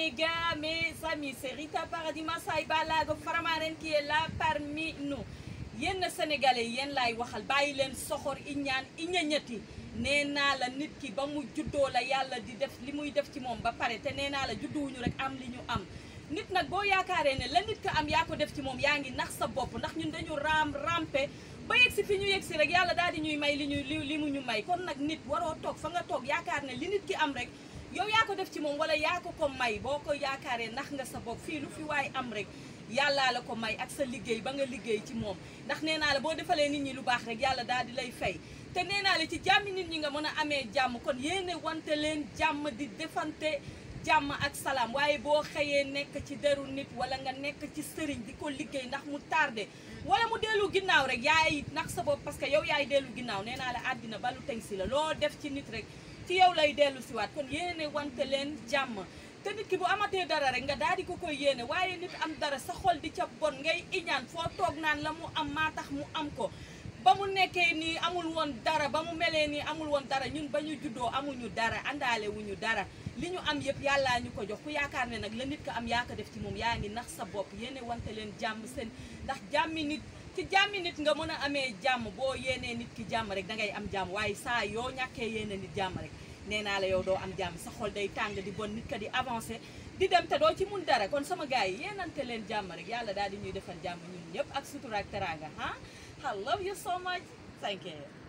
méga, mes amis, c'est Rita Paradis Massaï Balago Faramaren qui est là parmi nous. yenn sénégalais yenn laay waxal bàyyi leen soxor iñaan iñañati nee naa la nit ki ba mu juddoo la yàlla di def li muy def ci moom ba pare te nee naa la judduwuñu rek am li ñu am nit nag boo yaakaaree ne la nit ko am yaa ko def ci moom yaa ngi nax sa bopp ndax ñun dañu raam rampe ba yegg si fi ñu yegg si rek yàlla daal di ñuy may li ñuy li mu ñu may kon nag nit waroo toog fa nga toog yaakaar ne li nit ki am rek yow yaa ko def ci moom wala yaa ko ko may boo ko yaakaaree ndax nga sa bopp fii lu fi waaye am rek yàllaa la ko may ak sa liggéey ba nga liggéey ci moom ndax nee naa la boo defalee nit ñi lu baax rek yàlla daal di lay fay te nee naa la ci jàmmi nit ñi nga mën a amee jàmm kon yéene wante leen jàmm di defante jàmm ak salaam waaye boo xëyee nekk ci deru nit wala nga nekk ci sëriñ di ko liggéey ndax mu tardé wala mu dellu ginnaaw rek yaay nax sa bopp parce que yow yaay dellu ginnaaw nee naa la àddina balu teñ si la loo def ci nit rek ci yow lay dellu siwaat kon yéene wante leen jàmm te nit ki bu amatee dara rek nga daal di ko koy yéene waaye nit am dara sa xol di ca bon ngay iñaan foo toog naan la mu am maa tax mu am ko ba mu nekkee nii amul woon dara ba mu melee nii amul woon dara ñun ba ñu juddoo amuñu dara àndaale dara li ñu am yëpp yàllaa ñu ko jox ku yaakaar ne nag la nit ko am yaa ko def ci moom yaa ngi nax sa bopp yéene wante leen jàmm seen ndax jàmmi nit ci jàmmi nit nga mën a amee jàmm boo yéenee nit ki jàmm rek dangay am jàmm waaye saa yoo ñàkkee yéene nit jàmm rek nee naa la yow doo am jàmm sa xool day tàng di bon nit ka di avancé di dem te doo ci mun dara kon sama gars yi yéenante leen jàmm rek yàlla daal di ñuy defal jàmm ñun ñëpp ak sutura ak teraanga ah I love you so much thank you